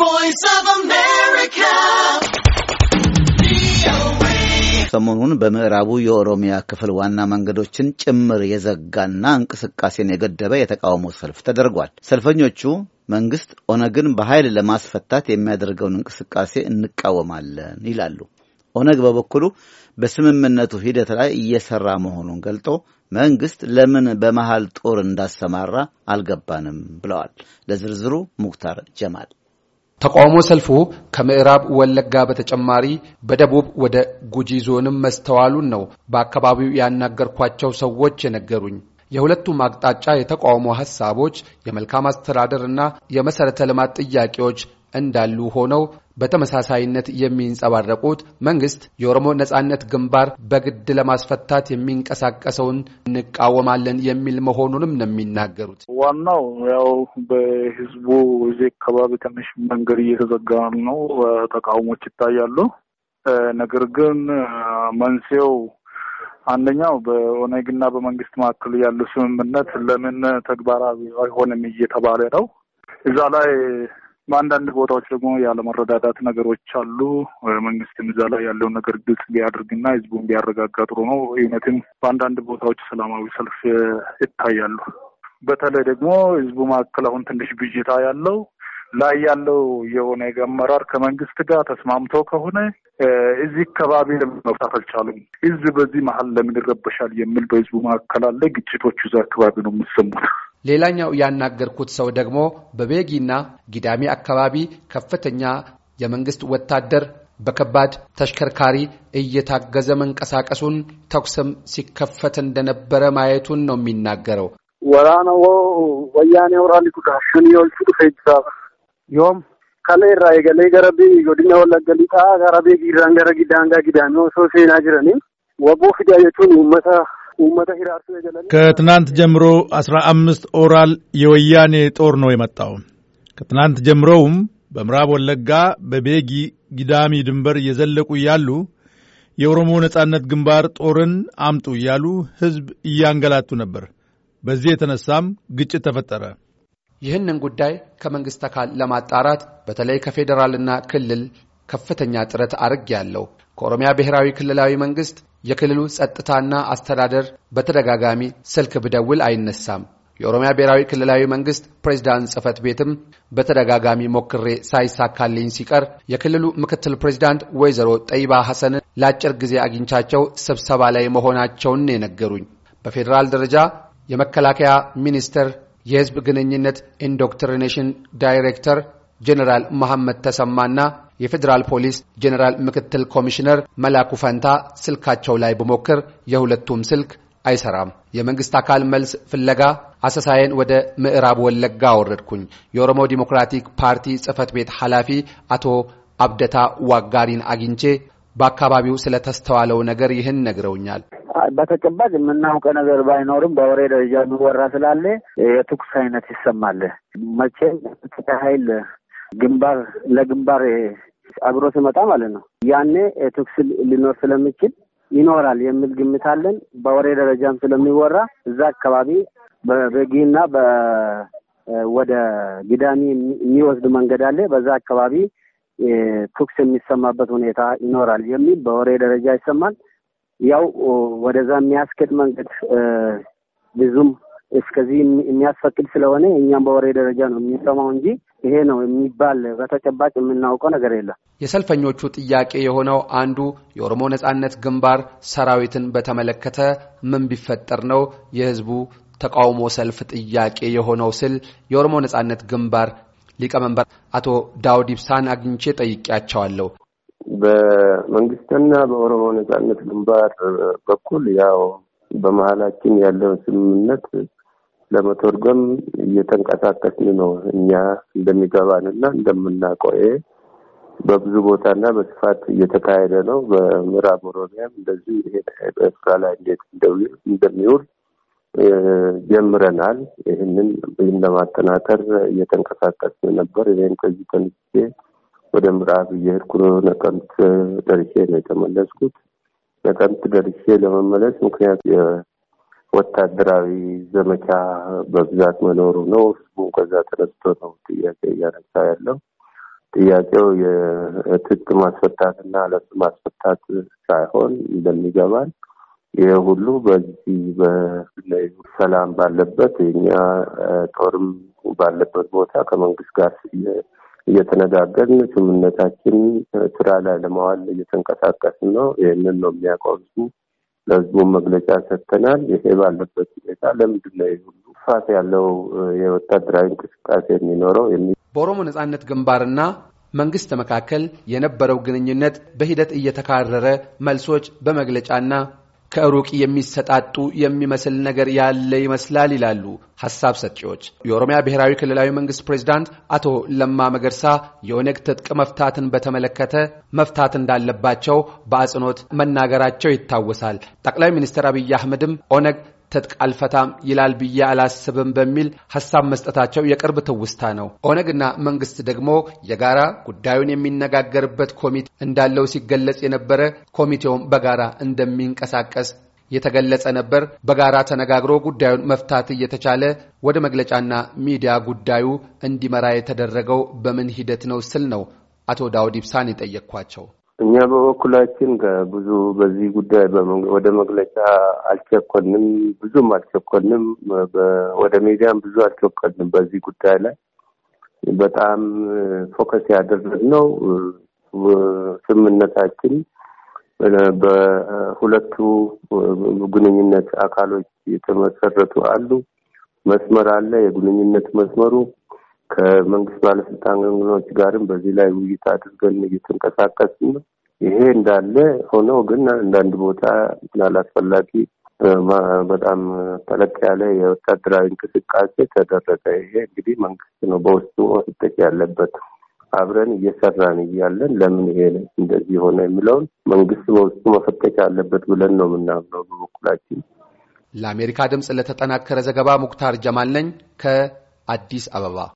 voice of America. ሰሞኑን በምዕራቡ የኦሮሚያ ክፍል ዋና መንገዶችን ጭምር የዘጋና እንቅስቃሴን የገደበ የተቃውሞ ሰልፍ ተደርጓል። ሰልፈኞቹ መንግስት ኦነግን በኃይል ለማስፈታት የሚያደርገውን እንቅስቃሴ እንቃወማለን ይላሉ። ኦነግ በበኩሉ በስምምነቱ ሂደት ላይ እየሰራ መሆኑን ገልጦ መንግስት ለምን በመሃል ጦር እንዳሰማራ አልገባንም ብለዋል። ለዝርዝሩ ሙክታር ጀማል ተቃውሞ ሰልፉ ከምዕራብ ወለጋ በተጨማሪ በደቡብ ወደ ጉጂ ዞንም መስተዋሉን ነው በአካባቢው ያናገርኳቸው ሰዎች የነገሩኝ። የሁለቱም አቅጣጫ የተቃውሞ ሀሳቦች የመልካም አስተዳደር እና የመሰረተ ልማት ጥያቄዎች እንዳሉ ሆነው በተመሳሳይነት የሚንጸባረቁት መንግስት የኦሮሞ ነጻነት ግንባር በግድ ለማስፈታት የሚንቀሳቀሰውን እንቃወማለን የሚል መሆኑንም ነው የሚናገሩት። ዋናው ያው በህዝቡ እዚህ አካባቢ ትንሽ መንገድ እየተዘጋ ነው፣ ተቃውሞች ይታያሉ። ነገር ግን መንስኤው አንደኛው በኦነግና በመንግስት መካከል ያለው ስምምነት ለምን ተግባራዊ አይሆንም እየተባለ ነው እዛ ላይ በአንዳንድ ቦታዎች ደግሞ ያለመረዳዳት ነገሮች አሉ። መንግስት እዛ ላይ ያለውን ነገር ግልጽ ቢያደርግና ህዝቡን ቢያረጋጋ ጥሩ ነው። እውነትም በአንዳንድ ቦታዎች ሰላማዊ ሰልፍ ይታያሉ። በተለይ ደግሞ ህዝቡ መካከል አሁን ትንሽ ብዥታ ያለው ላይ ያለው የሆነ አመራር ከመንግስት ጋር ተስማምቶ ከሆነ እዚህ አካባቢ መፍታት አልቻሉም። ህዝብ በዚህ መሀል ለምን ይረበሻል የሚል በህዝቡ መካከል አለ። ግጭቶቹ እዛ አካባቢ ነው የሚሰሙት። ሌላኛው ያናገርኩት ሰው ደግሞ በቤጊና ጊዳሚ አካባቢ ከፍተኛ የመንግስት ወታደር በከባድ ተሽከርካሪ እየታገዘ መንቀሳቀሱን ተኩስም ሲከፈት እንደነበረ ማየቱን ነው የሚናገረው። ወራነዎ ወያኔ ወራኒ ኩዳሽን የወልቹ ዱፌጅሳ ዮም ከሌ ራ የገሌ ገረቤ ጎድና ወለገሊጣ ገረቤ ጊራን ገረ ጊዳንጋ ጊዳሚ ሶ ሴና ጅረኒ ወቦ ፊዳ የቹን መታ ከትናንት ጀምሮ አስራ አምስት ኦራል የወያኔ ጦር ነው የመጣው። ከትናንት ጀምሮውም በምዕራብ ወለጋ በቤጊ ጊዳሚ ድንበር እየዘለቁ እያሉ የኦሮሞ ነጻነት ግንባር ጦርን አምጡ እያሉ ሕዝብ እያንገላቱ ነበር። በዚህ የተነሳም ግጭት ተፈጠረ። ይህንን ጉዳይ ከመንግሥት አካል ለማጣራት በተለይ ከፌዴራልና ክልል ከፍተኛ ጥረት አድርጌያለሁ። ከኦሮሚያ ብሔራዊ ክልላዊ መንግስት የክልሉ ጸጥታና አስተዳደር በተደጋጋሚ ስልክ ብደውል አይነሳም። የኦሮሚያ ብሔራዊ ክልላዊ መንግስት ፕሬዝዳንት ጽህፈት ቤትም በተደጋጋሚ ሞክሬ ሳይሳካልኝ ሲቀር የክልሉ ምክትል ፕሬዝዳንት ወይዘሮ ጠይባ ሐሰንን ለአጭር ጊዜ አግኝቻቸው ስብሰባ ላይ መሆናቸውን የነገሩኝ። በፌዴራል ደረጃ የመከላከያ ሚኒስቴር የህዝብ ግንኙነት ኢንዶክትሪኔሽን ዳይሬክተር ጀኔራል መሐመድ ተሰማና የፌዴራል ፖሊስ ጀኔራል ምክትል ኮሚሽነር መላኩ ፈንታ ስልካቸው ላይ ብሞክር የሁለቱም ስልክ አይሰራም። የመንግስት አካል መልስ ፍለጋ አሰሳየን ወደ ምዕራብ ወለጋ አወረድኩኝ። የኦሮሞ ዲሞክራቲክ ፓርቲ ጽህፈት ቤት ኃላፊ አቶ አብደታ ዋጋሪን አግኝቼ በአካባቢው ስለተስተዋለው ነገር ይህን ነግረውኛል። በተጨባጭ የምናውቀው ነገር ባይኖርም በወሬ ደረጃ የሚወራ ስላለ የትኩስ አይነት ይሰማል። መቼም ኃይል ግንባር ለግንባር አብሮ ስመጣ ማለት ነው። ያኔ ትኩስ ሊኖር ስለሚችል ይኖራል የሚል ግምት አለን። በወሬ ደረጃም ስለሚወራ እዛ አካባቢ በበጊና ወደ ግዳሚ የሚወስድ መንገድ አለ። በዛ አካባቢ ቱክስ የሚሰማበት ሁኔታ ይኖራል የሚል በወሬ ደረጃ ይሰማል። ያው ወደዛ የሚያስኬድ መንገድ ብዙም እስከዚህ የሚያስፈቅድ ስለሆነ እኛም በወሬ ደረጃ ነው የሚሰማው እንጂ ይሄ ነው የሚባል በተጨባጭ የምናውቀው ነገር የለም። የሰልፈኞቹ ጥያቄ የሆነው አንዱ የኦሮሞ ነጻነት ግንባር ሰራዊትን በተመለከተ ምን ቢፈጠር ነው የህዝቡ ተቃውሞ ሰልፍ ጥያቄ የሆነው ስል የኦሮሞ ነጻነት ግንባር ሊቀመንበር አቶ ዳውድ ኢብሳን አግኝቼ ጠይቄያቸዋለሁ። በመንግስትና በኦሮሞ ነጻነት ግንባር በኩል ያው በመሀላችን ያለው ስምምነት ለመተርጎም እየተንቀሳቀስን ነው። እኛ እንደሚገባንና እንደምናውቀው ይሄ በብዙ ቦታና በስፋት እየተካሄደ ነው። በምዕራብ ኦሮሚያም እንደዚሁ ይሄ በኤርትራ ላይ እንዴት እንደሚውል ጀምረናል። ይህንን ይህን ለማጠናከር እየተንቀሳቀስን ነበር። ይህን ከዚህ ተነስቼ ወደ ምዕራብ እየሄድኩ ነቀምት ደርሼ ነው የተመለስኩት። ነቀምት ደርሼ ለመመለስ ምክንያት ወታደራዊ ዘመቻ በብዛት መኖሩ ነው። ህዝቡ ከዛ ተነስቶ ነው ጥያቄ እያነሳ ያለው። ጥያቄው የትጥቅ ማስፈታትና ለሱ ማስፈታት ሳይሆን እንደሚገባል ይህ ሁሉ በዚህ በላይ ሰላም ባለበት የኛ ጦርም ባለበት ቦታ ከመንግስት ጋር እየተነጋገርን ስምምነታችን ስራ ላይ ለማዋል እየተንቀሳቀስን ነው። ይህንን ነው የሚያውቀው ህዝቡ። ለህዝቡ መግለጫ ሰጥተናል። ይሄ ባለበት ሁኔታ ለምንድን ነው ሁሉ ፋት ያለው የወታደራዊ እንቅስቃሴ የሚኖረው? በኦሮሞ ነጻነት ግንባርና መንግስት መካከል የነበረው ግንኙነት በሂደት እየተካረረ መልሶች በመግለጫና ከሩቅ የሚሰጣጡ የሚመስል ነገር ያለ ይመስላል ይላሉ ሀሳብ ሰጪዎች። የኦሮሚያ ብሔራዊ ክልላዊ መንግስት ፕሬዚዳንት አቶ ለማ መገርሳ የኦነግ ትጥቅ መፍታትን በተመለከተ መፍታት እንዳለባቸው በአጽንኦት መናገራቸው ይታወሳል። ጠቅላይ ሚኒስትር አብይ አህመድም ኦነግ ትጥቅ አልፈታም ይላል ብዬ አላስብም በሚል ሀሳብ መስጠታቸው የቅርብ ትውስታ ነው። ኦነግና መንግስት ደግሞ የጋራ ጉዳዩን የሚነጋገርበት ኮሚቴ እንዳለው ሲገለጽ የነበረ ኮሚቴውም በጋራ እንደሚንቀሳቀስ የተገለጸ ነበር። በጋራ ተነጋግሮ ጉዳዩን መፍታት እየተቻለ ወደ መግለጫና ሚዲያ ጉዳዩ እንዲመራ የተደረገው በምን ሂደት ነው ስል ነው አቶ ዳውድ ኢብሳን የጠየቅኳቸው። እኛ በበኩላችን ከብዙ በዚህ ጉዳይ ወደ መግለጫ አልቸኮንም፣ ብዙም አልቸኮንም፣ ወደ ሚዲያም ብዙ አልቸኮንም። በዚህ ጉዳይ ላይ በጣም ፎከስ ያደረግነው ስምምነታችን በሁለቱ ግንኙነት አካሎች የተመሰረቱ አሉ። መስመር አለ። የግንኙነት መስመሩ ከመንግስት ባለስልጣኖች ጋርም በዚህ ላይ ውይይት አድርገን እየተንቀሳቀስን ነው። ይሄ እንዳለ ሆኖ ግን አንዳንድ ቦታ ላላስፈላጊ በጣም ተለቅ ያለ የወታደራዊ እንቅስቃሴ ተደረገ። ይሄ እንግዲህ መንግስት ነው በውስጡ ስጠቅ ያለበት። አብረን እየሰራን እያለን ለምን ይሄ እንደዚህ ሆነ የሚለውን መንግስት በውስጡ መፈተሽ አለበት ብለን ነው የምናምነው በበኩላችን። ለአሜሪካ ድምፅ ለተጠናከረ ዘገባ ሙክታር ጀማል ነኝ ከአዲስ አበባ።